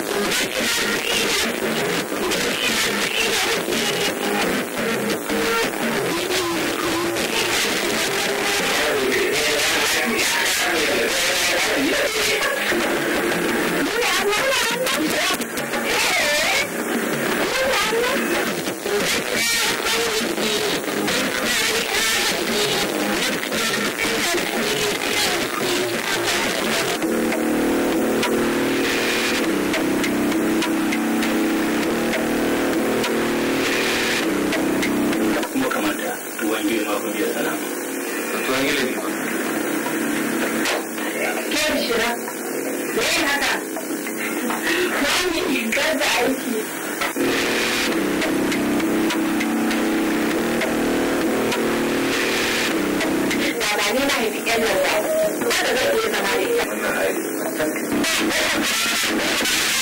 Oh, my God. abu ya sana to an yi laifi ke bishira me yin haka na yi gaza aiki ba ne na haifi ƴan nan ba ba da zai iya zama da